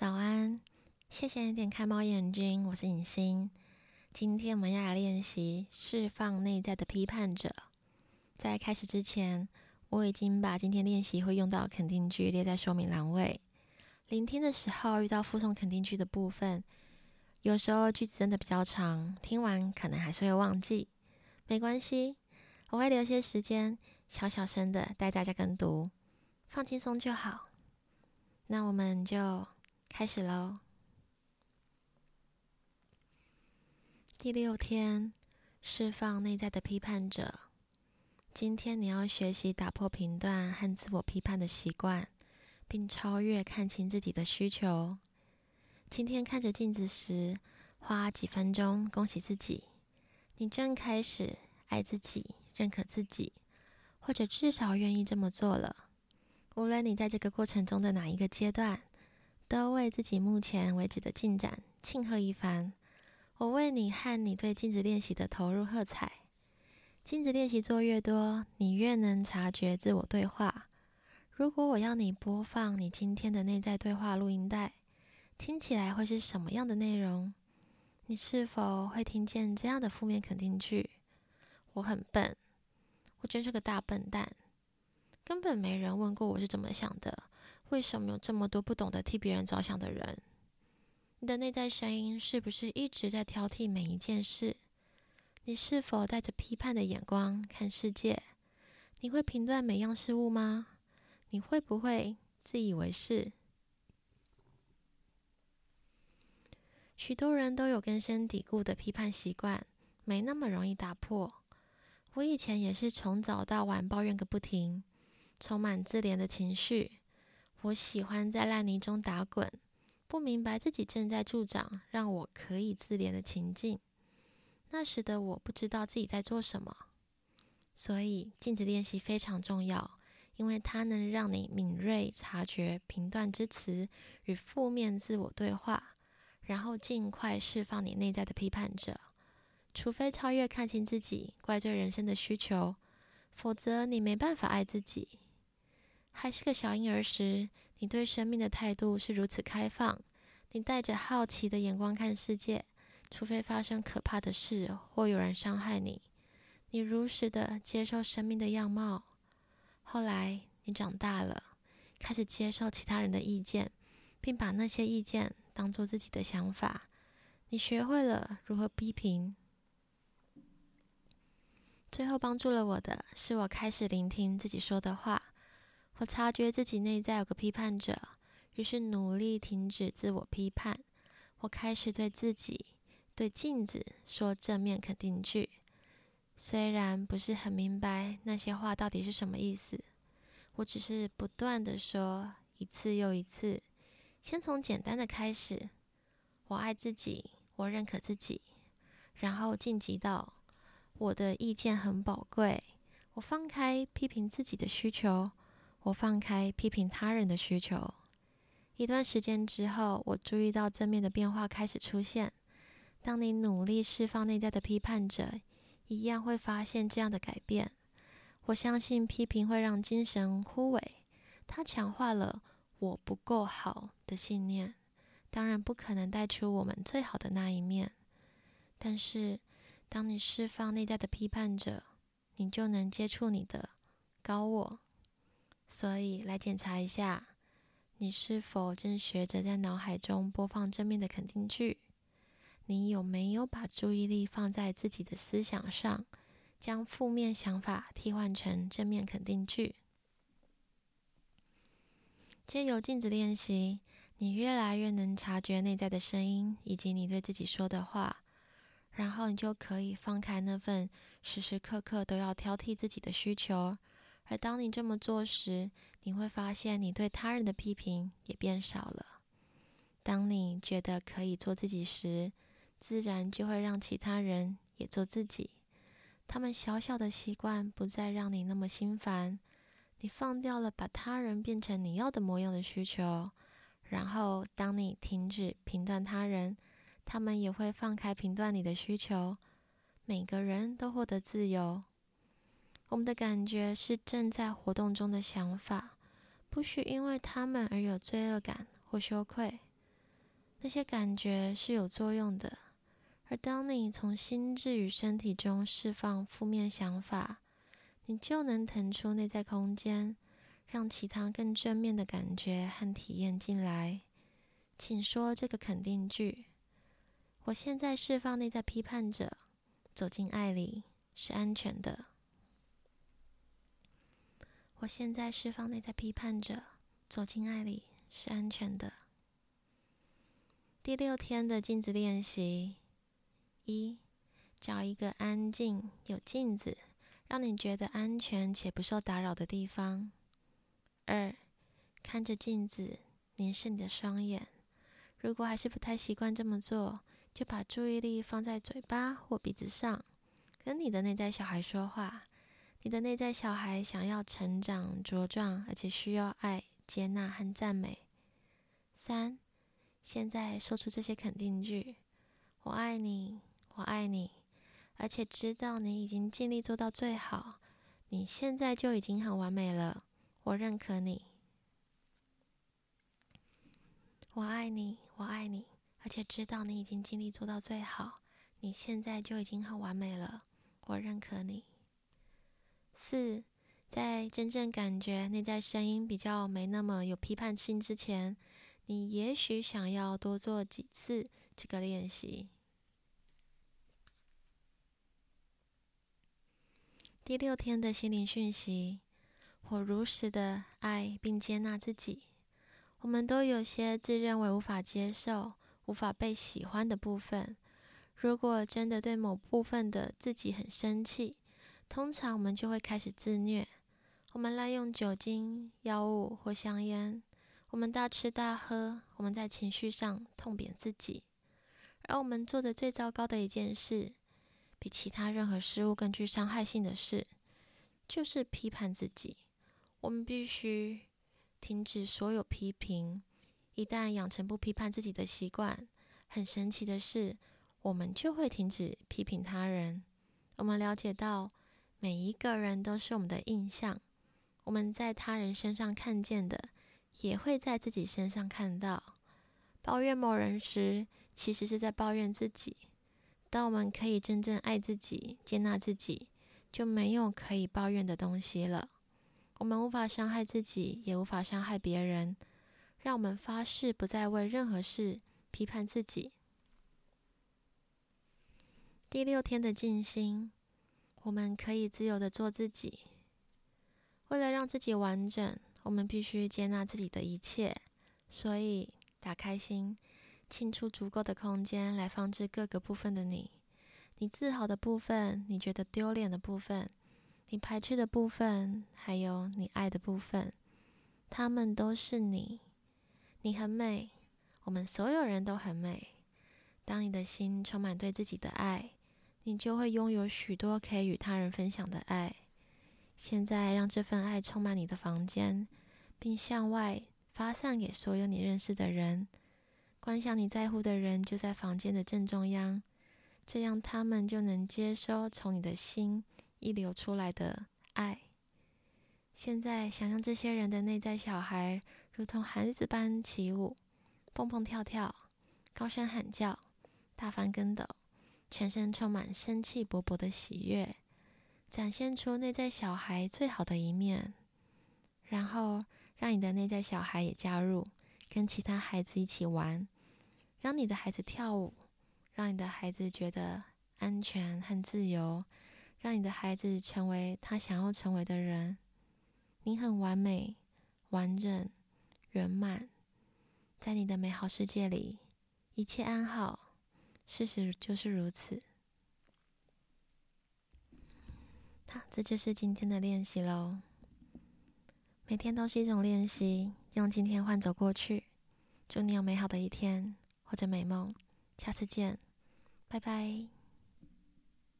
早安，謝謝你點開貓眼睛，我是尹星。今天我們要來練習釋放內在的批判者。在開始之前，我已經把今天練習會用到的肯定句列在說明欄位。聆聽的時候遇到附送肯定句的部分，有時候句子真的比較長，聽完可能還是會忘記，沒關係，我會留些時間，小小聲的帶大家跟讀，放輕鬆就好。那我們就開始嘍。第六天，釋放內在的批判者。今天你要學習打破評斷和自我批判的習慣，並超越看清自己的需求。今天看着鏡子時，花幾分鐘恭喜自己，你正開始愛自己、認可自己，或者至少願意這麼做了。無論你在這個過程中的哪一個階段。都為自己目前為止的進展慶賀一番。我為你和你對鏡子練習的投入喝彩。鏡子練習做越多，你越能察覺自我對話。如果我要你播放你今天的內在對話錄音帶，聽起來會是什麼樣的內容？你是否會聽見這樣的負面肯定句？我很笨，我真是個大笨蛋，根本沒人問過我是怎麼想的。為什麼有這麼多不懂得替別人着想的人？你的內在聲音是不是一直在挑剔每一件事？你是否帶着批判的眼光看世界？你會評斷每樣事物嗎？你會不會自以為是？許多人都有根深蒂固的批判習慣，沒那麼容易打破。我以前也是從早到晚抱怨個不停，充滿自憐的情緒。我喜歡在爛泥中打滾，不明白自己正在助長讓我可以自憐的情境。那時的我不知道自己在做什麼，所以鏡子練習非常重要，因為它能讓你敏銳察覺評斷之詞與負面自我對話，然後盡快釋放你內在的批判者。除非超越看清自己、怪罪人生的需求，否則你沒辦法愛自己。還是個小嬰兒時，你對生命的態度是如此開放，你帶着好奇的眼光看世界。除非發生可怕的事或有人傷害你，你如實的接受生命的樣貌。後來你長大了，開始接受其他人的意見，並把那些意見當作自己的想法。你學會了如何批評。最後幫助了我的，是我開始聆聽自己說的話。我察覺自己內在有個批判者，於是努力停止自我批判。我開始對自己、對鏡子說正面肯定句，雖然不是很明白那些話到底是什麼意思，我只是不斷的說一次又一次。先從簡單的開始：我愛自己，我認可自己。然後晉級到：我的意見很寶貴，我放開批評自己的需求。我放開批評他人的需求，一段時間之後，我注意到正面的變化開始出現。當你努力釋放內在的批判者，一樣會發現這樣的改變。我相信批評會讓精神枯萎，它強化了我不夠好的信念，當然不可能帶出我們最好的那一面。但是，當你釋放內在的批判者，你就能接觸你的高我。所以，來檢查一下，你是否正學着在腦海中播放正面的肯定句？你有沒有把注意力放在自己的思想上，將負面想法替換成正面肯定句？借由鏡子練習，你越來越能察覺內在的聲音以及你對自己說的話，然後你就可以放開那份時時刻刻都要挑剔自己的需求。而當你這麼做時，你會發現你對他人的批評也變少了。當你覺得可以做自己時，自然就會讓其他人也做自己。他們小小的習慣不再讓你那麼心煩，你放掉了把他人變成你要的模樣的需求，然後當你停止評斷他人，他們也會放開評斷你的需求。每個人都獲得自由。我們的感覺是正在活動中的想法，不需因為他們而有罪惡感或羞愧。那些感覺是有作用的，而當你從心智與身體中釋放負面想法，你就能騰出內在空間，讓其他更正面的感覺和體驗進來。請說這個肯定句：我現在釋放內在批判者，走進愛裡，是安全的。我現在釋放內在批判者，走進愛裡是安全的。第六天的鏡子練習：一，找一個安靜有鏡子，讓你覺得安全且不受打擾的地方；二，看着鏡子，凝視你的雙眼。如果還是不太習慣這麼做，就把注意力放在嘴巴或鼻子上，跟你的內在小孩說話。你的內在小孩想要成長茁壯，而且需要愛、接納和讚美。三，現在說出這些肯定句：我愛你，我愛你，而且知道你已經盡力做到最好。你現在就已經很完美了，我認可你。我愛你，我愛你，而且知道你已經盡力做到最好。你現在就已經很完美了，我認可你。四，在真正感覺內在聲音比較沒那麼有批判性之前，你也許想要多做幾次這個練習。第六天的心靈訊息：我如實的愛並接納自己。我們都有些自認為無法接受、無法被喜歡的部分。如果真的對某部分的自己很生氣，通常我們就會開始自虐，我們濫用酒精、藥物或香煙，我們大吃大喝，我們在情緒上痛扁自己。而我們做的最糟糕的一件事，比其他任何事物更具傷害性的事，就是批判自己。我們必須停止所有批評。一旦養成不批判自己的習慣，很神奇的是，我們就會停止批評他人。我們了解到，每一個人都是我們的印象，我們在他人身上看見的，也會在自己身上看到。抱怨某人時，其實是在抱怨自己。當我們可以真正愛自己、接納自己，就沒有可以抱怨的東西了。我們無法傷害自己，也無法傷害別人。讓我們發誓，不再為任何事批判自己。第六天的靜心。我們可以自由地做自己。為了讓自己完整，我們必須接納自己的一切。所以，打開心，清出足夠的空間來放置各個部分的你：你自豪的部分，你覺得丟臉的部分，你排斥的部分，還有你愛的部分。他們都是你。你很美，我們所有人都很美。當你的心充滿對自己的愛，你就會擁有許多可以與他人分享的愛。現在，讓這份愛充滿你的房間，並向外發散給所有你認識的人。觀想你在乎的人就在房間的正中央，這樣他們就能接收從你的心溢流出來的愛。現在，想象這些人的內在小孩，如同孩子般起舞、蹦蹦跳跳、高聲喊叫、大翻跟斗。全身充滿生氣勃勃的喜悅，展現出內在小孩最好的一面，然後讓你的內在小孩也加入，跟其他孩子一起玩，讓你的孩子跳舞，讓你的孩子覺得安全和自由，讓你的孩子成為他想要成為的人。你很完美、完整、圓滿，在你的美好世界裡，一切安好。事實就是如此。好，這就是今天的練習嘍。每天都是一種練習，用今天換走過去。祝你有美好的一天，或者美夢。下次見，拜拜。